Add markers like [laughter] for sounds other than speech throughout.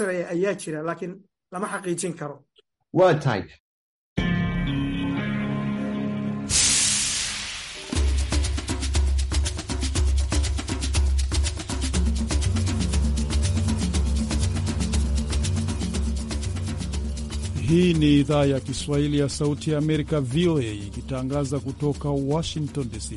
ayaa jira laakiin lama xaqiijin karo waa tahay Hii ni idhaa ya Kiswahili ya Sauti ya Amerika, VOA, ikitangaza kutoka Washington DC.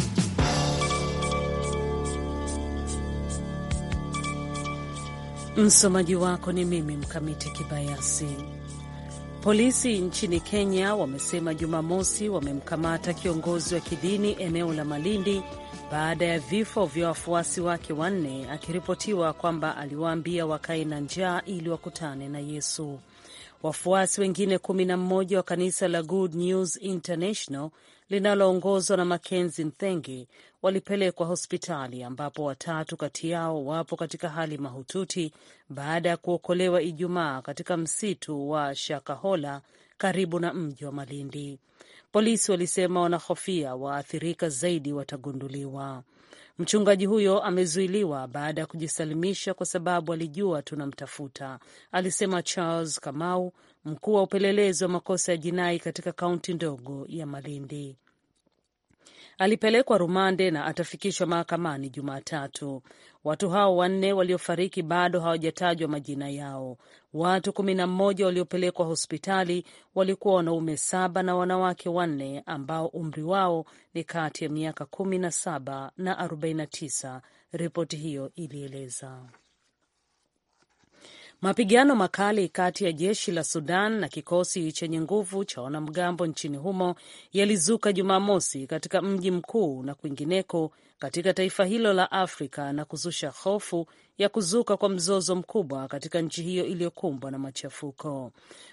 Msomaji wako ni mimi Mkamiti Kibayasi. Polisi nchini Kenya wamesema Jumamosi wamemkamata kiongozi wa kidini eneo la Malindi baada ya vifo vya wafuasi wake wanne, akiripotiwa kwamba aliwaambia wakae na njaa ili wakutane na Yesu. Wafuasi wengine kumi na mmoja wa kanisa la Good News International linaloongozwa na Makenzi Nthengi walipelekwa hospitali ambapo watatu kati yao wapo katika hali mahututi baada ya kuokolewa Ijumaa katika msitu wa Shakahola karibu na mji wa Malindi. Polisi walisema wanahofia waathirika zaidi watagunduliwa. Mchungaji huyo amezuiliwa baada ya kujisalimisha kwa sababu alijua tunamtafuta, alisema Charles Kamau, mkuu wa upelelezi wa makosa ya jinai katika kaunti ndogo ya Malindi alipelekwa rumande na atafikishwa mahakamani Jumatatu. Watu hao wanne waliofariki bado hawajatajwa majina yao. Watu kumi na mmoja waliopelekwa hospitali walikuwa wanaume saba na wanawake wanne ambao umri wao ni kati ya miaka kumi na saba na arobaini na tisa, ripoti hiyo ilieleza. Mapigano makali kati ya jeshi la Sudan na kikosi chenye nguvu cha wanamgambo nchini humo yalizuka Jumamosi katika mji mkuu na kwingineko katika taifa hilo la Afrika na kuzusha hofu ya kuzuka kwa mzozo mkubwa katika nchi hiyo iliyokumbwa na machafuko.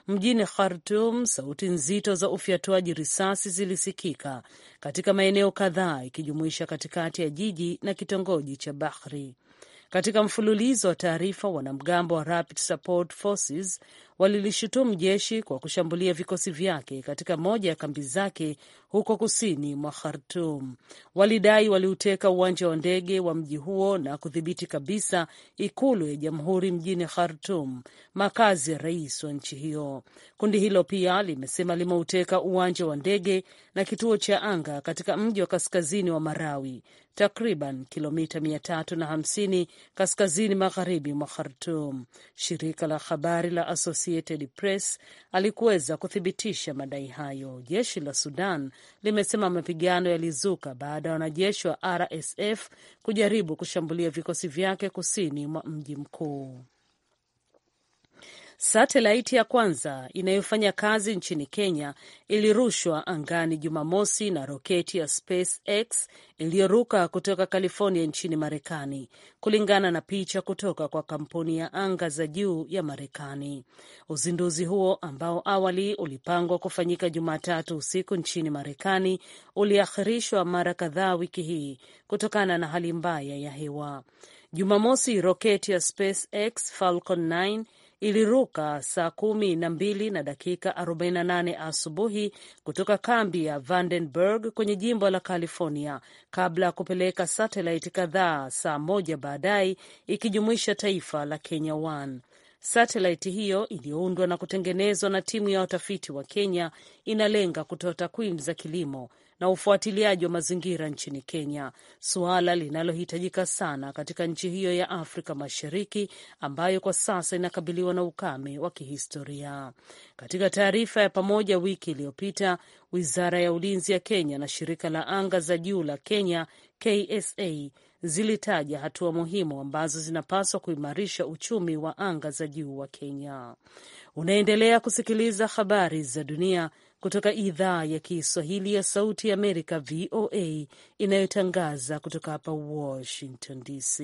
Mjini Khartum, sauti nzito za ufyatuaji risasi zilisikika katika maeneo kadhaa ikijumuisha katikati ya jiji na kitongoji cha Bahri. Katika mfululizo wa taarifa, wanamgambo wa Rapid Support Forces walilishutumu jeshi kwa kushambulia vikosi vyake katika moja ya kambi zake huko kusini mwa Khartum. Walidai waliuteka uwanja wa ndege wa mji huo na kudhibiti kabisa ikulu ya jamhuri mjini Khartum, makazi ya rais wa nchi hiyo. Kundi hilo pia limesema limeuteka uwanja wa ndege na kituo cha anga katika mji wa kaskazini wa Marawi takriban kilomita 350 kaskazini magharibi mwa Khartum. Shirika la habari la Associated Press alikuweza kuthibitisha madai hayo. Jeshi la Sudan limesema mapigano yalizuka baada ya wanajeshi wa RSF kujaribu kushambulia vikosi vyake kusini mwa mji mkuu. Satelaiti ya kwanza inayofanya kazi nchini Kenya ilirushwa angani Jumamosi na roketi ya SpaceX iliyoruka kutoka California nchini Marekani, kulingana na picha kutoka kwa kampuni ya anga za juu ya Marekani. Uzinduzi huo ambao awali ulipangwa kufanyika Jumatatu usiku nchini Marekani uliahirishwa mara kadhaa wiki hii kutokana na hali mbaya ya hewa. Jumamosi, roketi ya SpaceX Falcon 9 iliruka saa kumi na mbili na dakika 48 asubuhi kutoka kambi ya Vandenberg kwenye jimbo la California kabla ya kupeleka satelaiti kadhaa saa moja baadaye ikijumuisha taifa la Kenya One. Satelaiti hiyo iliyoundwa na kutengenezwa na timu ya watafiti wa Kenya inalenga kutoa takwimu za kilimo na ufuatiliaji wa mazingira nchini Kenya, suala linalohitajika sana katika nchi hiyo ya Afrika Mashariki ambayo kwa sasa inakabiliwa na ukame wa kihistoria. Katika taarifa ya pamoja wiki iliyopita, wizara ya ulinzi ya Kenya na shirika la anga za juu la Kenya KSA zilitaja hatua muhimu ambazo zinapaswa kuimarisha uchumi wa anga za juu wa Kenya. Unaendelea kusikiliza habari za dunia kutoka idhaa ya Kiswahili ya Sauti ya Amerika, VOA, inayotangaza kutoka hapa Washington DC.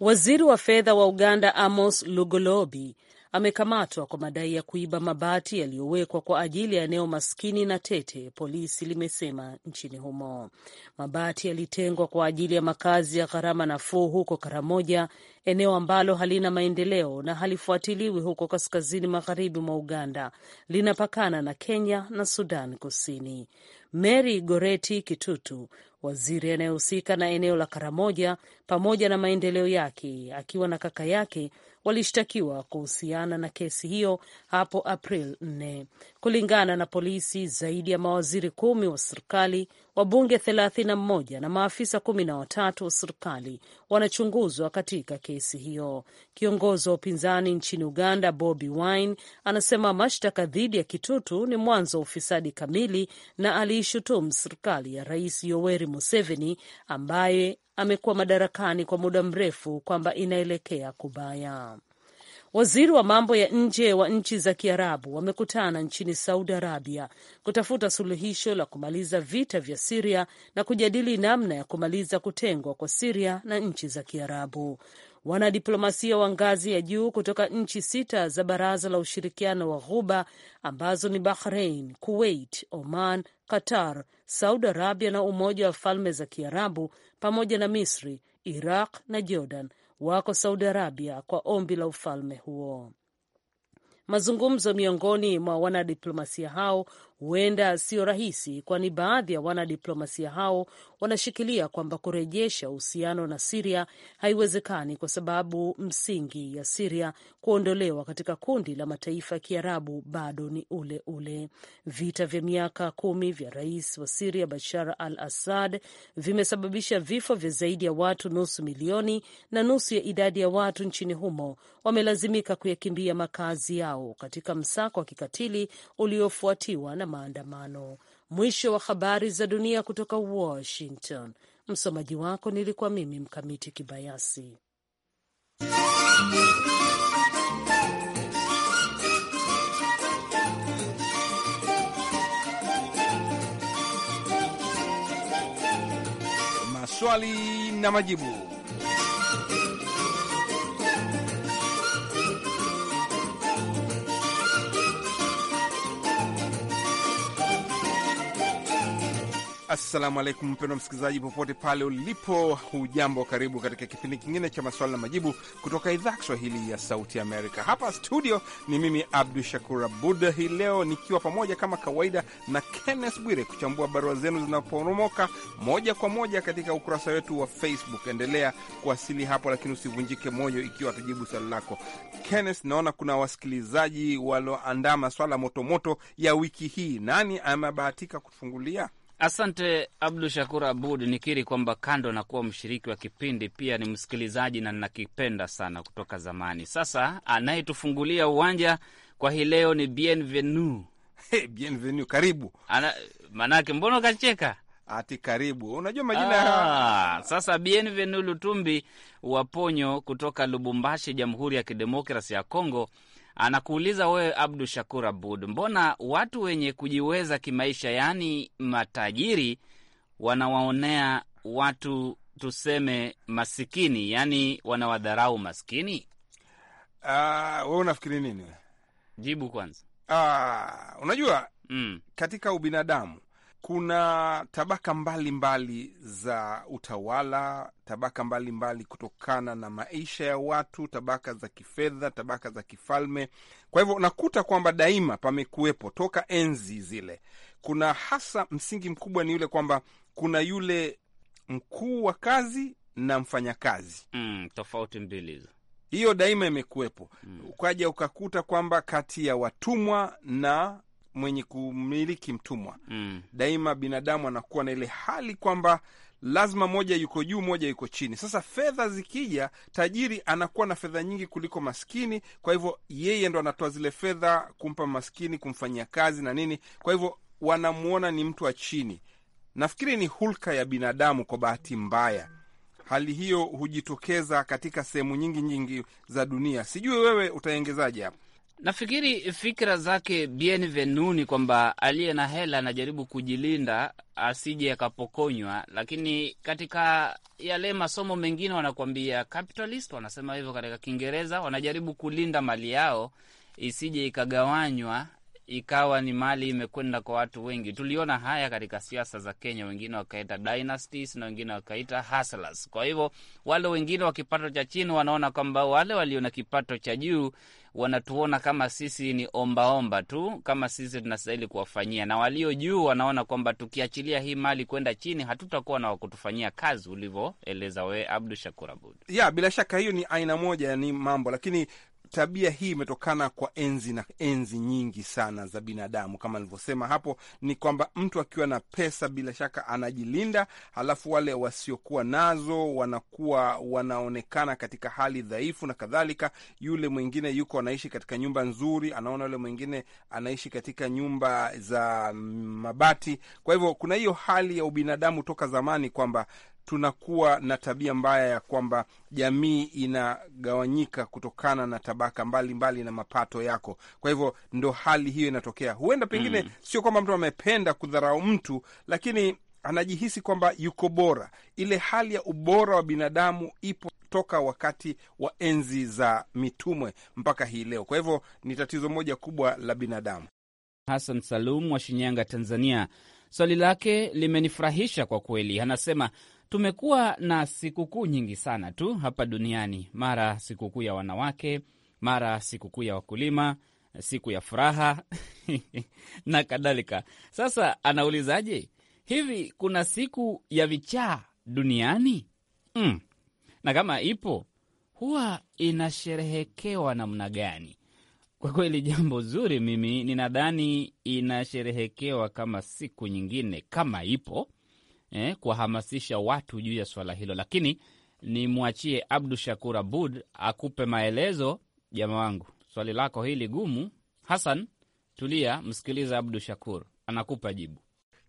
Waziri wa fedha wa Uganda Amos Lugolobi amekamatwa kwa madai ya kuiba mabati yaliyowekwa kwa ajili ya eneo maskini na tete, polisi limesema nchini humo. Mabati yalitengwa kwa ajili ya makazi ya gharama nafuu huko Karamoja, eneo ambalo halina maendeleo na halifuatiliwi huko kaskazini magharibi mwa Uganda, linapakana na Kenya na Sudan Kusini. Mary Goreti Kitutu, waziri anayehusika na eneo la Karamoja pamoja na maendeleo yake, akiwa na kaka yake walishtakiwa kuhusiana na kesi hiyo hapo April 4. Kulingana na polisi, zaidi ya mawaziri kumi wa serikali, wabunge thelathini na mmoja na maafisa kumi na watatu wa serikali wanachunguzwa katika kesi hiyo. Kiongozi wa upinzani nchini Uganda, Bobi Wine, anasema mashtaka dhidi ya Kitutu ni mwanzo wa ufisadi kamili, na aliishutumu serikali ya Rais Yoweri Museveni ambaye amekuwa madarakani kwa muda mrefu kwamba inaelekea kubaya. Waziri wa mambo ya nje wa nchi za Kiarabu wamekutana nchini Saudi Arabia kutafuta suluhisho la kumaliza vita vya Siria na kujadili namna ya kumaliza kutengwa kwa Siria na nchi za Kiarabu. Wanadiplomasia wa ngazi ya juu kutoka nchi sita za Baraza la Ushirikiano wa Ghuba ambazo ni Bahrain, Kuwait, Oman, Qatar, Saudi Arabia na Umoja wa Falme za Kiarabu pamoja na Misri, Iraq na Jordan wako Saudi Arabia kwa ombi la ufalme huo. Mazungumzo miongoni mwa wanadiplomasia hao huenda sio rahisi, kwani baadhi ya wanadiplomasia hao wanashikilia kwamba kurejesha uhusiano na Siria haiwezekani kwa sababu msingi ya Siria kuondolewa katika kundi la mataifa ya Kiarabu bado ni ule ule. Vita vya miaka kumi vya rais wa Siria Bashar al Assad vimesababisha vifo vya zaidi ya watu nusu milioni, na nusu ya idadi ya watu nchini humo wamelazimika kuyakimbia makazi yao katika msako wa kikatili uliofuatiwa na maandamano. Mwisho wa habari za dunia kutoka Washington. Msomaji wako nilikuwa mimi Mkamiti Kibayasi. Maswali na majibu. Assalamu alaikum mpendwa msikilizaji, popote pale ulipo, hujambo? Karibu katika kipindi kingine cha maswali na majibu kutoka idhaa ya Kiswahili ya Sauti Amerika. Hapa studio ni mimi Abdu Shakur Abud, hii leo nikiwa pamoja kama kawaida na Kenneth Bwire kuchambua barua zenu zinaporomoka moja kwa moja katika ukurasa wetu wa Facebook. Endelea kuwasili hapo, lakini usivunjike moyo ikiwa atajibu swali lako. Kenneth, naona kuna wasikilizaji walioandaa maswala motomoto ya wiki hii. Nani amebahatika kufungulia Asante Abdu Shakur Abud. Nikiri kwamba kando na kuwa mshiriki wa kipindi, pia ni msikilizaji na nakipenda sana kutoka zamani. Sasa anayetufungulia uwanja kwa hii leo ni Bienvenu. Hey, Bienvenu, karibu. Ana, manake mbona ukacheka? Ati karibu, unajua majina ah. Sasa Bienvenu Lutumbi Ponyo kutoka Lubumbashi, Jamhuri ya Kidemokrasi ya congo anakuuliza wewe Abdu Shakur Abud, mbona watu wenye kujiweza kimaisha, yaani matajiri, wanawaonea watu tuseme masikini, yaani wanawadharau maskini? Uh, ah, we unafikiri nini? Jibu kwanza. Uh, unajua mm. katika ubinadamu kuna tabaka mbalimbali mbali za utawala, tabaka mbalimbali mbali kutokana na maisha ya watu, tabaka za kifedha, tabaka za kifalme. Kwa hivyo unakuta kwamba daima pamekuwepo toka enzi zile. Kuna hasa msingi mkubwa ni yule kwamba kuna yule mkuu wa kazi na mfanyakazi. Mm, tofauti mbili hizo, hiyo daima imekuwepo. Mm, ukaja ukakuta kwamba kati ya watumwa na mwenye kumiliki mtumwa mm. Daima binadamu anakuwa na ile hali kwamba lazima moja yuko juu, moja yuko chini. Sasa fedha zikija, tajiri anakuwa na fedha nyingi kuliko maskini, kwa hivyo yeye ndo anatoa zile fedha kumpa maskini, kumfanyia kazi na nini, kwa hivyo wanamwona ni mtu wa chini. Nafikiri ni hulka ya binadamu, kwa bahati mbaya hali hiyo hujitokeza katika sehemu nyingi nyingi za dunia. Sijui wewe utaengezaje hapo? Nafikiri fikira zake Bienvenu ni kwamba aliye na hela anajaribu kujilinda asije akapokonywa, lakini katika yale masomo mengine wanakuambia capitalist, wanasema hivyo katika Kiingereza, wanajaribu kulinda mali yao isije ikagawanywa ikawa ni mali imekwenda kwa watu wengi. Tuliona haya katika siasa za Kenya, wengine wakaita dynasties na wengine wakaita hustlers. Kwa hivyo wale wengine wa kipato cha chini wanaona kwamba wale walio na kipato cha juu wanatuona kama sisi ni ombaomba tu, kama sisi tunastahili kuwafanyia, na walio juu wanaona kwamba tukiachilia hii mali kwenda chini hatutakuwa na wakutufanyia kazi, ulivyoeleza wewe Abdu Shakur Abud. Ya, bila shaka hiyo ni aina moja ni mambo, lakini tabia hii imetokana kwa enzi na enzi nyingi sana za binadamu. Kama nilivyosema hapo, ni kwamba mtu akiwa na pesa bila shaka anajilinda, halafu wale wasiokuwa nazo wanakuwa wanaonekana katika hali dhaifu na kadhalika. Yule mwingine yuko anaishi katika nyumba nzuri, anaona yule mwingine anaishi katika nyumba za mabati. Kwa hivyo kuna hiyo hali ya ubinadamu toka zamani kwamba tunakuwa na tabia mbaya ya kwamba jamii inagawanyika kutokana na tabaka mbalimbali mbali na mapato yako. Kwa hivyo ndo hali hiyo inatokea. Huenda pengine mm, sio kwamba mtu amependa kudharau mtu, lakini anajihisi kwamba yuko bora. Ile hali ya ubora wa binadamu ipo toka wakati wa enzi za mitumwe mpaka hii leo. Kwa hivyo ni tatizo moja kubwa la binadamu. Hassan Salum wa Shinyanga, Tanzania, swali lake limenifurahisha kwa kweli. Anasema Tumekuwa na sikukuu nyingi sana tu hapa duniani, mara sikukuu ya wanawake, mara sikukuu ya wakulima, siku ya furaha [laughs] na kadhalika. Sasa anaulizaje, hivi kuna siku ya vichaa duniani? Mm. na kama ipo huwa inasherehekewa namna gani? Kwa kweli jambo zuri, mimi ninadhani inasherehekewa kama siku nyingine, kama ipo eh, kuwahamasisha watu juu ya swala hilo, lakini nimwachie Abdu Shakur Abud akupe maelezo. Jama wangu, swali lako hili gumu. Hasan, tulia, msikiliza Abdu Shakur anakupa jibu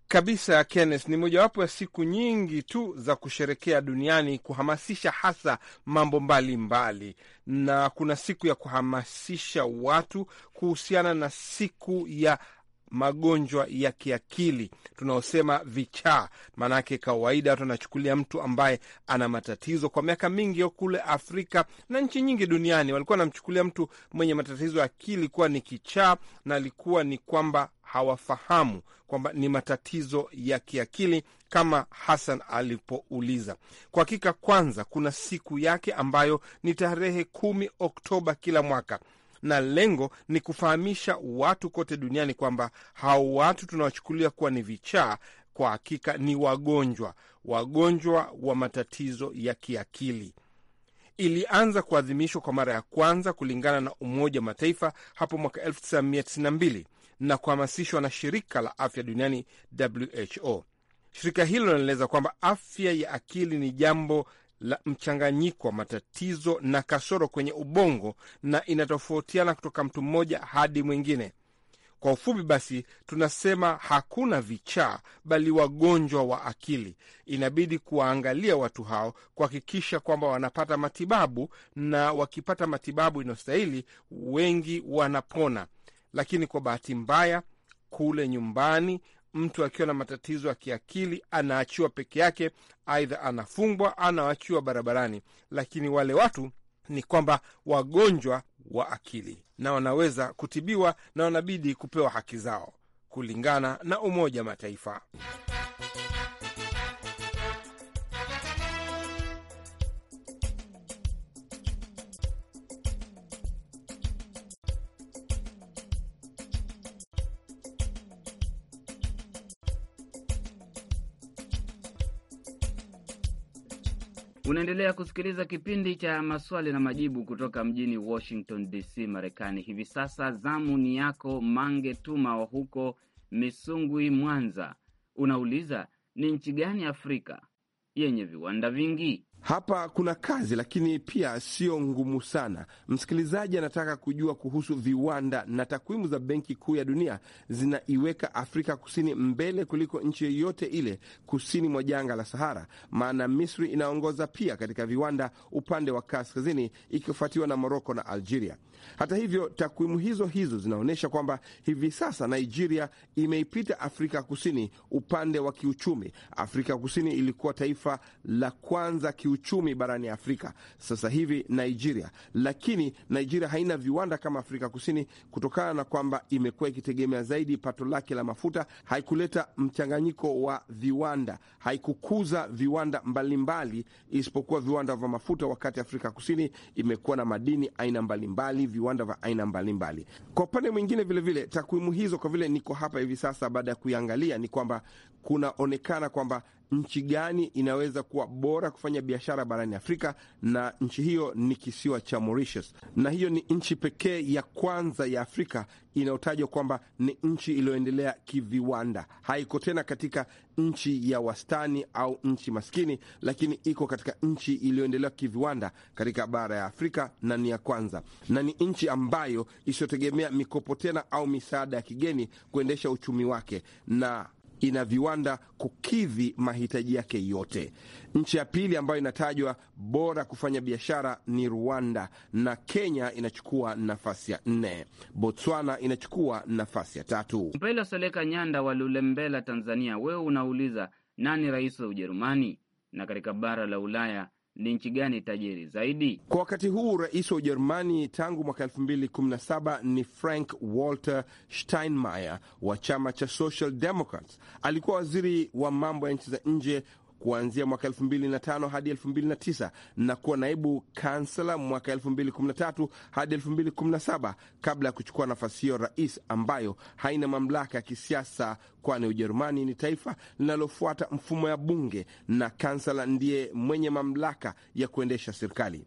kabisa. Kenneth, ni mojawapo ya siku nyingi tu za kusherekea duniani kuhamasisha hasa mambo mbalimbali mbali. Na kuna siku ya kuhamasisha watu kuhusiana na siku ya magonjwa ya kiakili tunaosema vichaa. Maanake kawaida watu wanachukulia mtu ambaye ana matatizo. Kwa miaka mingi kule Afrika na nchi nyingi duniani walikuwa wanamchukulia mtu mwenye matatizo ya akili kuwa ni kichaa, na alikuwa ni kwamba hawafahamu kwamba ni matatizo ya kiakili kama Hassan alipouliza. Kwa hakika, kwanza kuna siku yake ambayo ni tarehe kumi Oktoba kila mwaka na lengo ni kufahamisha watu kote duniani kwamba hao watu tunawachukulia kuwa ni vichaa kwa hakika ni wagonjwa, wagonjwa wa matatizo ya kiakili. Ilianza kuadhimishwa kwa mara ya kwanza kulingana na Umoja wa Mataifa hapo mwaka 1992 na kuhamasishwa na Shirika la Afya Duniani, WHO. Shirika hilo linaeleza kwamba afya ya akili ni jambo la mchanganyiko wa matatizo na kasoro kwenye ubongo na inatofautiana kutoka mtu mmoja hadi mwingine. Kwa ufupi basi, tunasema hakuna vichaa, bali wagonjwa wa akili. Inabidi kuwaangalia watu hao, kuhakikisha kwamba wanapata matibabu, na wakipata matibabu inayostahili, wengi wanapona. Lakini kwa bahati mbaya, kule nyumbani mtu akiwa na matatizo ya kiakili anaachiwa peke yake, aidha anafungwa, anaachiwa barabarani. Lakini wale watu ni kwamba wagonjwa wa akili na wanaweza kutibiwa na wanabidi kupewa haki zao kulingana na Umoja Mataifa. Unaendelea kusikiliza kipindi cha maswali na majibu kutoka mjini Washington DC, Marekani. Hivi sasa zamu ni yako Mange Tuma wa huko Misungwi, Mwanza. Unauliza, ni nchi gani Afrika yenye viwanda vingi? Hapa kuna kazi lakini pia sio ngumu sana. Msikilizaji anataka kujua kuhusu viwanda, na takwimu za Benki Kuu ya Dunia zinaiweka Afrika Kusini mbele kuliko nchi yoyote ile kusini mwa jangwa la Sahara, maana Misri inaongoza pia katika viwanda upande wa kaskazini, ikifuatiwa na Moroko na Algeria. Hata hivyo, takwimu hizo hizo zinaonyesha kwamba hivi sasa Nigeria imeipita Afrika Kusini upande wa kiuchumi. Afrika Kusini ilikuwa taifa la kwanza ki kiuchumi barani Afrika sasa hivi Nigeria, lakini Nigeria haina viwanda kama Afrika Kusini kutokana na kwamba imekuwa ikitegemea zaidi pato lake la mafuta. Haikuleta mchanganyiko wa viwanda, haikukuza viwanda mbalimbali isipokuwa viwanda vya mafuta, wakati Afrika Kusini imekuwa na madini aina mbalimbali, viwanda vya aina mbalimbali. Kwa upande mwingine vilevile, takwimu hizo kwa vile niko hapa hivi sasa, baada ya kuiangalia, ni kwamba kunaonekana kwamba nchi gani inaweza kuwa bora kufanya biashara barani Afrika, na nchi hiyo ni kisiwa cha Mauritius, na hiyo ni nchi pekee ya kwanza ya Afrika inayotajwa kwamba ni nchi iliyoendelea kiviwanda. Haiko tena katika nchi ya wastani au nchi maskini, lakini iko katika nchi iliyoendelea kiviwanda katika bara ya Afrika na ni ya kwanza, na ni nchi ambayo isiyotegemea mikopo tena au misaada ya kigeni kuendesha uchumi wake na ina viwanda kukidhi mahitaji yake yote. Nchi ya pili ambayo inatajwa bora kufanya biashara ni Rwanda na Kenya inachukua nafasi ya nne. Botswana inachukua nafasi ya tatu. Mpela Soleka Nyanda wa Lulembela, Tanzania, wewe unauliza nani rais wa Ujerumani? Na katika bara la Ulaya ni nchi gani tajiri zaidi kwa wakati huu? Rais wa Ujerumani tangu mwaka 2017 ni Frank Walter Steinmeier wa chama cha Social Democrats. Alikuwa waziri wa mambo ya nchi za nje kuanzia mwaka 2005 hadi 2009 na kuwa naibu kansela mwaka 2013 hadi 2017 kabla ya kuchukua nafasi hiyo rais, ambayo haina mamlaka ya kisiasa, kwani Ujerumani ni taifa linalofuata mfumo ya bunge na kansela ndiye mwenye mamlaka ya kuendesha serikali.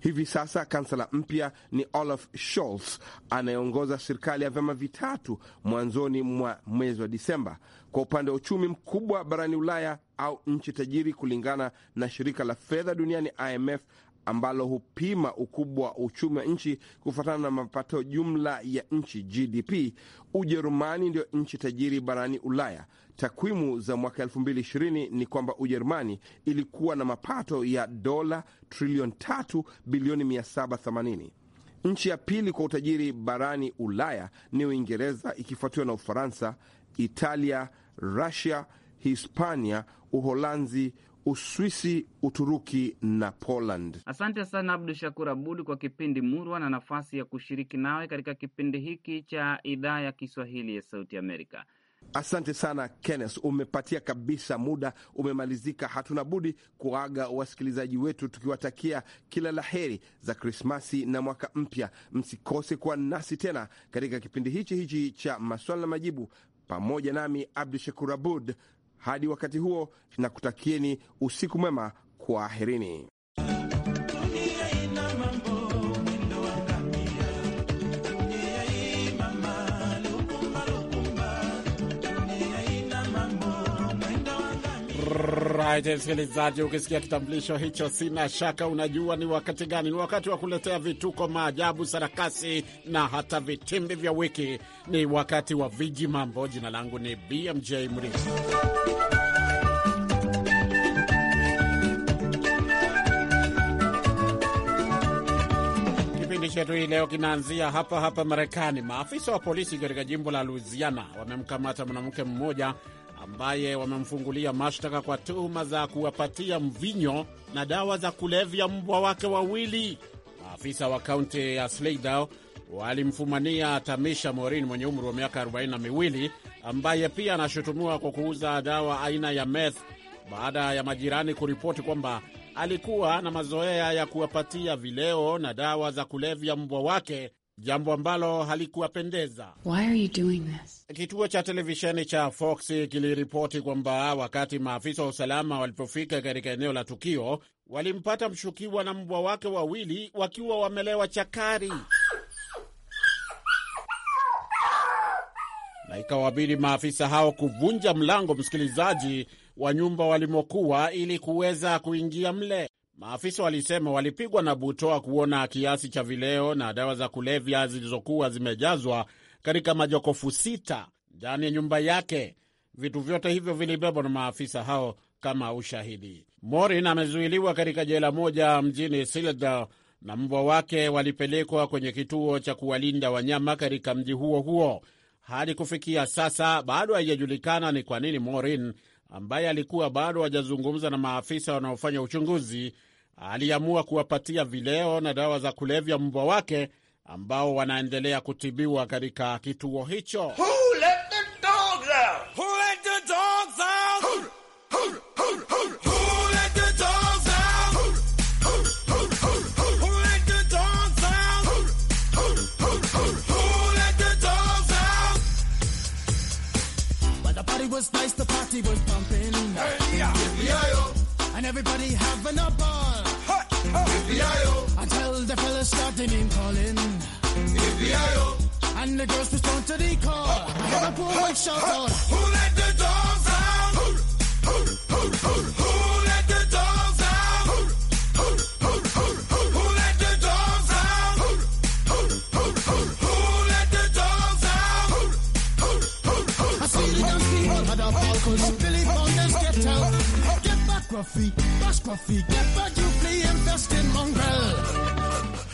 Hivi sasa kansela mpya ni Olaf Scholz anayeongoza serikali ya vyama vitatu mwanzoni mwa mwezi wa Disemba kwa upande wa uchumi mkubwa barani Ulaya au nchi tajiri, kulingana na shirika la fedha duniani IMF ambalo hupima ukubwa wa uchumi wa nchi kufuatana na mapato jumla ya nchi GDP. Ujerumani ndio nchi tajiri barani Ulaya. Takwimu za mwaka 2020 ni kwamba Ujerumani ilikuwa na mapato ya dola trilioni 3 bilioni 780. Nchi ya pili kwa utajiri barani Ulaya ni Uingereza, ikifuatiwa na Ufaransa, Italia, Rusia, Hispania, Uholanzi, Uswisi, Uturuki na Poland. Asante sana Abdu Shakur Abud kwa kipindi murwa na nafasi ya kushiriki nawe katika kipindi hiki cha idhaa ya Kiswahili ya Sauti Amerika. Asante sana Kenneth, umepatia kabisa, muda umemalizika. Hatuna budi kuaga wasikilizaji wetu tukiwatakia kila la heri za Krismasi na mwaka mpya. Msikose kuwa nasi tena katika kipindi hichi hichi cha maswala na majibu pamoja nami Abdu Shakur Abud. Hadi wakati huo, na kutakieni usiku mwema, kwaherini. msikilizaji, ukisikia kitambulisho hicho, sina shaka unajua ni wakati gani. Ni wakati wa kuletea vituko, maajabu, sarakasi na hata vitimbi vya wiki. Ni wakati wa viji mambo. Jina langu ni BMJ mrii Kipindi chetu hii leo kinaanzia hapa hapa Marekani. Maafisa wa polisi katika jimbo la Louisiana wamemkamata mwanamke mmoja ambaye wamemfungulia mashtaka kwa tuhuma za kuwapatia mvinyo na dawa za kulevya mbwa wake wawili. Maafisa wa kaunti ya Sligo walimfumania Tamisha Morin mwenye umri wa miaka 4 miwili ambaye pia anashutumiwa kwa kuuza dawa aina ya meth baada ya majirani kuripoti kwamba alikuwa na mazoea ya kuwapatia vileo na dawa za kulevya mbwa wake jambo ambalo halikuwapendeza. Kituo cha televisheni cha Fox kiliripoti kwamba wakati maafisa wa usalama walipofika katika eneo la tukio, walimpata mshukiwa na mbwa wake wawili wakiwa wamelewa chakari na ikawabidi maafisa hao kuvunja mlango, msikilizaji, wa nyumba walimokuwa ili kuweza kuingia mle. Maafisa walisema walipigwa na butoa kuona kiasi cha vileo na dawa za kulevya zilizokuwa zimejazwa katika majokofu sita ndani ya nyumba yake. Vitu vyote hivyo vilibebwa na maafisa hao kama ushahidi. Morin amezuiliwa katika jela moja mjini Silda na mbwa wake walipelekwa kwenye kituo cha kuwalinda wanyama katika mji huo huo. Hadi kufikia sasa bado haijajulikana ni kwa nini Morin ambaye alikuwa bado hajazungumza na maafisa wanaofanya uchunguzi aliamua kuwapatia vileo na dawa za kulevya mbwa wake ambao wanaendelea kutibiwa katika kituo hicho. nice, the party was pumping. everybody having a ball. Ha, ha. Until the fellas start the name calling. And the girls respond to the call. Ha, ha, ha, ha, ha, ha,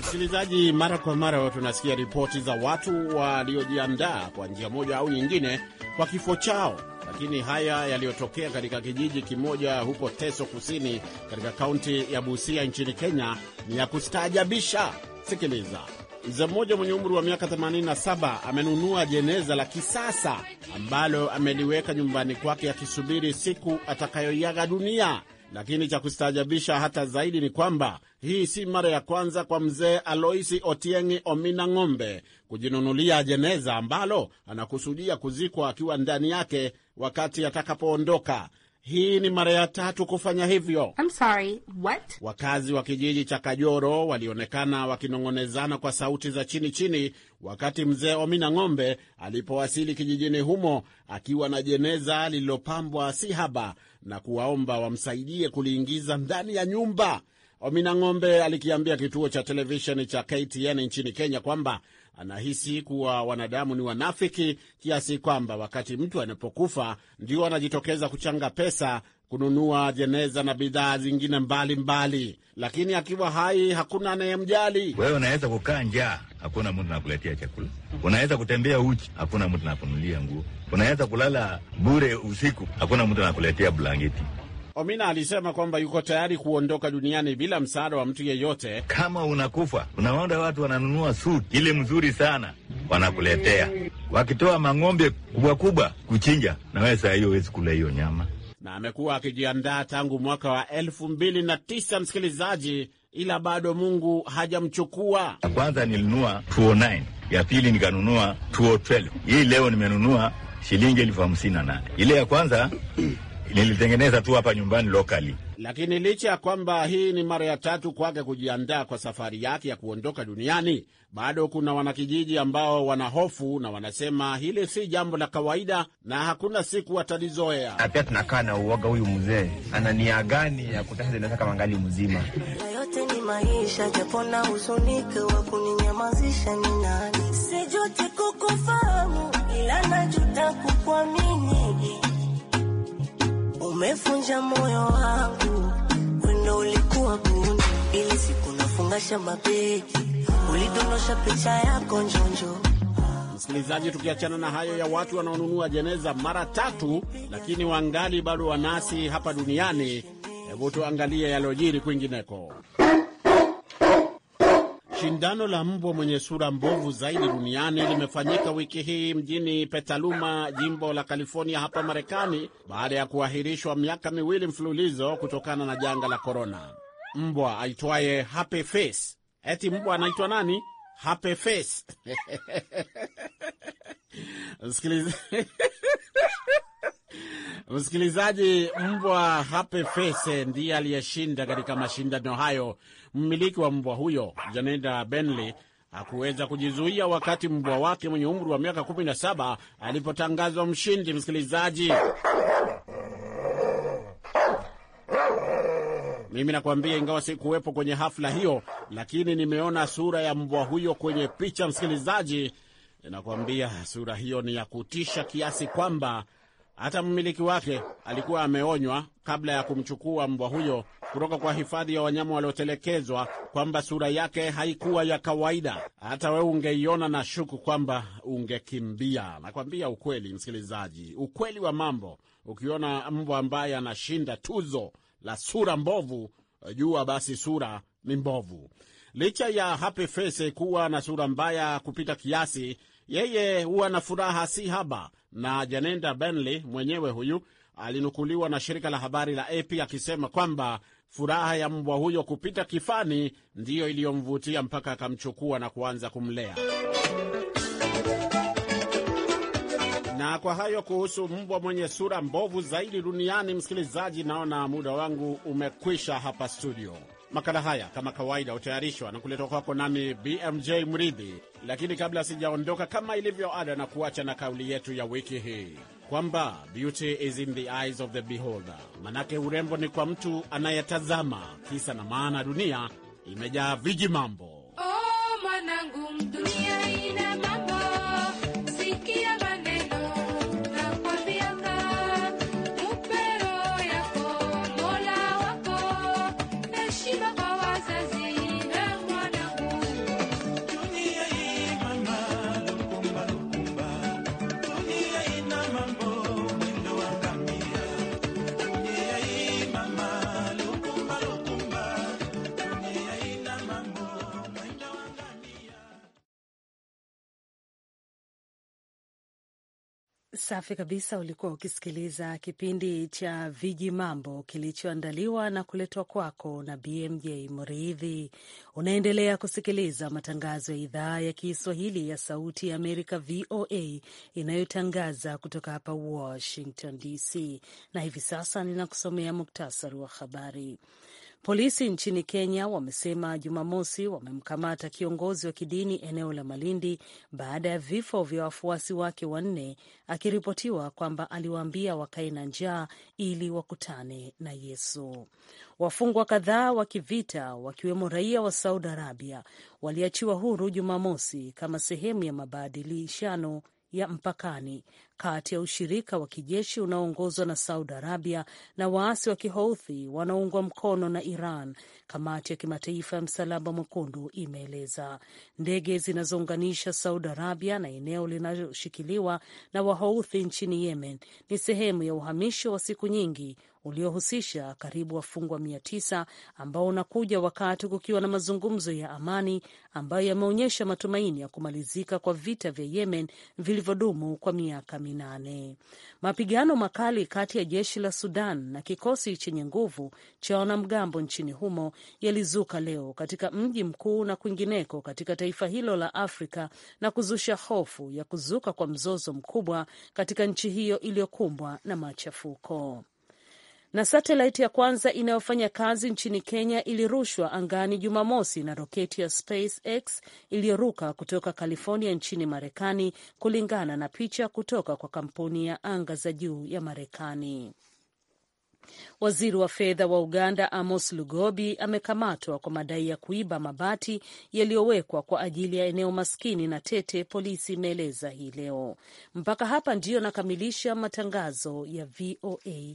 Msikilizaji, mara kwa mara tunasikia ripoti za watu waliojiandaa kwa njia moja au nyingine kwa kifo chao, lakini haya yaliyotokea katika kijiji kimoja huko Teso Kusini, katika kaunti ya Busia nchini Kenya ni ya kustaajabisha. Sikiliza. Mzee mmoja mwenye umri wa miaka 87 amenunua jeneza la kisasa ambalo ameliweka nyumbani kwake akisubiri siku atakayoiaga dunia. Lakini cha kustaajabisha hata zaidi ni kwamba hii si mara ya kwanza kwa mzee Aloisi Otieng'i Omina Ng'ombe kujinunulia jeneza ambalo anakusudia kuzikwa akiwa ndani yake wakati atakapoondoka. Hii ni mara ya tatu kufanya hivyo. I'm sorry, what? Wakazi wa kijiji cha Kajoro walionekana wakinong'onezana kwa sauti za chini chini wakati mzee Omina Ng'ombe alipowasili kijijini humo akiwa na jeneza lililopambwa si haba na kuwaomba wamsaidie kuliingiza ndani ya nyumba. Omina Ng'ombe alikiambia kituo cha televisheni cha KTN nchini Kenya kwamba anahisi kuwa wanadamu ni wanafiki kiasi kwamba wakati mtu anapokufa ndio anajitokeza kuchanga pesa kununua jeneza na bidhaa zingine mbalimbali, lakini akiwa hai hakuna anayemjali. Wewe unaweza kukaa njaa, hakuna mtu nakuletea chakula. Unaweza kutembea uchi, hakuna mtu nakunulia nguo. Unaweza kulala bure usiku, hakuna mtu nakuletea blanketi. Omina alisema kwamba yuko tayari kuondoka duniani bila msaada wa mtu yeyote. Kama unakufa, unaona watu wananunua suti ile mzuri sana, wanakuletea wakitoa mang'ombe kubwa kubwa kuchinja, na wewe saa hiyo huwezi kula hiyo nyama. Na amekuwa akijiandaa tangu mwaka wa elfu mbili na tisa, msikilizaji, ila bado Mungu hajamchukua. Ya kwanza nilinunua 209 ya pili nikanunua 212 hii leo nimenunua shilingi elfu hamsini na nane ile ya kwanza nilitengeneza tu hapa nyumbani locally. Lakini licha ya kwamba hii ni mara ya tatu kwake kujiandaa kwa safari yake ya kuondoka duniani, bado kuna wanakijiji ambao wanahofu na wanasema hili si jambo la kawaida na hakuna siku watalizoea. Na pia tunakaa na uoga, huyu mzee ana nia gani ya kutaaza kama ngali mzima? Yote ni maisha, japo na huzunike, wa kuninyamazisha ni nani? Sijuti kukufahamu ila najuta kukuamini umefunja moyo wangu, wendo ulikuwa guni, ili siku nafungasha mabeki, ulidondosha picha yako njonjo. Msikilizaji, tukiachana na hayo ya watu wanaonunua jeneza mara tatu lakini wangali bado wanasi hapa duniani, hebu tuangalie yaliyojiri kwingineko. Shindano la mbwa mwenye sura mbovu zaidi duniani limefanyika wiki hii mjini Petaluma, jimbo la California hapa Marekani, baada ya kuahirishwa miaka miwili mfululizo kutokana na janga la korona. Mbwa aitwaye Happy Face, eti mbwa anaitwa nani? Happy Face. Msikilizaji [laughs] [laughs] Msikilizaji, mbwa Happy Face ndiye aliyeshinda katika mashindano hayo. Mmiliki wa mbwa huyo Janeda Benley hakuweza kujizuia wakati mbwa wake mwenye umri wa miaka 17 alipotangazwa mshindi. Msikilizaji, mimi nakwambia, ingawa sikuwepo kwenye hafla hiyo, lakini nimeona sura ya mbwa huyo kwenye picha. Msikilizaji, nakwambia sura hiyo ni ya kutisha kiasi kwamba hata mmiliki wake alikuwa ameonywa kabla ya kumchukua mbwa huyo kutoka kwa hifadhi ya wanyama waliotelekezwa kwamba sura yake haikuwa ya kawaida. Hata wewe ungeiona na shuku kwamba ungekimbia. Nakwambia ukweli, msikilizaji, ukweli wa mambo. Ukiona mbwa ambaye anashinda tuzo la sura mbovu, jua basi sura ni mbovu. Licha ya Happy Face kuwa na sura mbaya kupita kiasi, yeye huwa na furaha si haba. Na Janenda Benly mwenyewe huyu alinukuliwa na shirika la habari la AP akisema kwamba furaha ya mbwa huyo kupita kifani ndiyo iliyomvutia mpaka akamchukua na kuanza kumlea. Na kwa hayo kuhusu mbwa mwenye sura mbovu zaidi duniani, msikilizaji, naona muda wangu umekwisha hapa studio. Makala haya kama kawaida hutayarishwa na kuletwa kwako nami BMJ Mridhi, lakini kabla sijaondoka, kama ilivyo ada, na kuacha na kauli yetu ya wiki hii kwamba beauty is in the eyes of the beholder, manake urembo ni kwa mtu anayetazama. Kisa na maana, dunia imejaa viji mambo. Oh, mwanangu, dunia ina mambo Safi kabisa. Ulikuwa ukisikiliza kipindi cha Viji Mambo kilichoandaliwa na kuletwa kwako na BMJ Mridhi. Unaendelea kusikiliza matangazo ya idhaa ya Kiswahili ya Sauti ya Amerika, VOA, inayotangaza kutoka hapa Washington DC, na hivi sasa ninakusomea muktasari wa habari. Polisi nchini Kenya wamesema Jumamosi wamemkamata kiongozi wa kidini eneo la Malindi baada ya vifo vya wafuasi wake wanne, akiripotiwa kwamba aliwaambia wakae na njaa ili wakutane na Yesu. Wafungwa kadhaa wa kivita wakiwemo raia wa Saudi Arabia waliachiwa huru Jumamosi kama sehemu ya mabadilishano ya mpakani kati ya ushirika wa kijeshi unaoongozwa na Saudi Arabia na waasi wa Kihouthi wanaoungwa mkono na Iran. Kamati ya Kimataifa ya Msalaba Mwekundu imeeleza ndege zinazounganisha Saudi Arabia na eneo linaloshikiliwa na Wahouthi nchini Yemen ni sehemu ya uhamisho wa siku nyingi uliohusisha karibu wafungwa mia tisa ambao unakuja wakati kukiwa na mazungumzo ya amani ambayo yameonyesha matumaini ya kumalizika kwa vita vya Yemen vilivyodumu kwa miaka minane. Mapigano makali kati ya jeshi la Sudan na kikosi chenye nguvu cha wanamgambo nchini humo yalizuka leo katika mji mkuu na kwingineko katika taifa hilo la Afrika na kuzusha hofu ya kuzuka kwa mzozo mkubwa katika nchi hiyo iliyokumbwa na machafuko na satelaiti ya kwanza inayofanya kazi nchini Kenya ilirushwa angani Jumamosi na roketi ya SpaceX iliyoruka kutoka California nchini Marekani, kulingana na picha kutoka kwa kampuni ya anga za juu ya Marekani. Waziri wa fedha wa Uganda Amos Lugobi amekamatwa kwa madai ya kuiba mabati yaliyowekwa kwa ajili ya eneo maskini na tete, polisi imeeleza hii leo. Mpaka hapa ndiyo nakamilisha matangazo ya VOA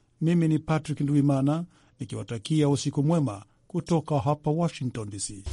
mimi ni Patrick nduimana nikiwatakia usiku mwema kutoka hapa Washington DC.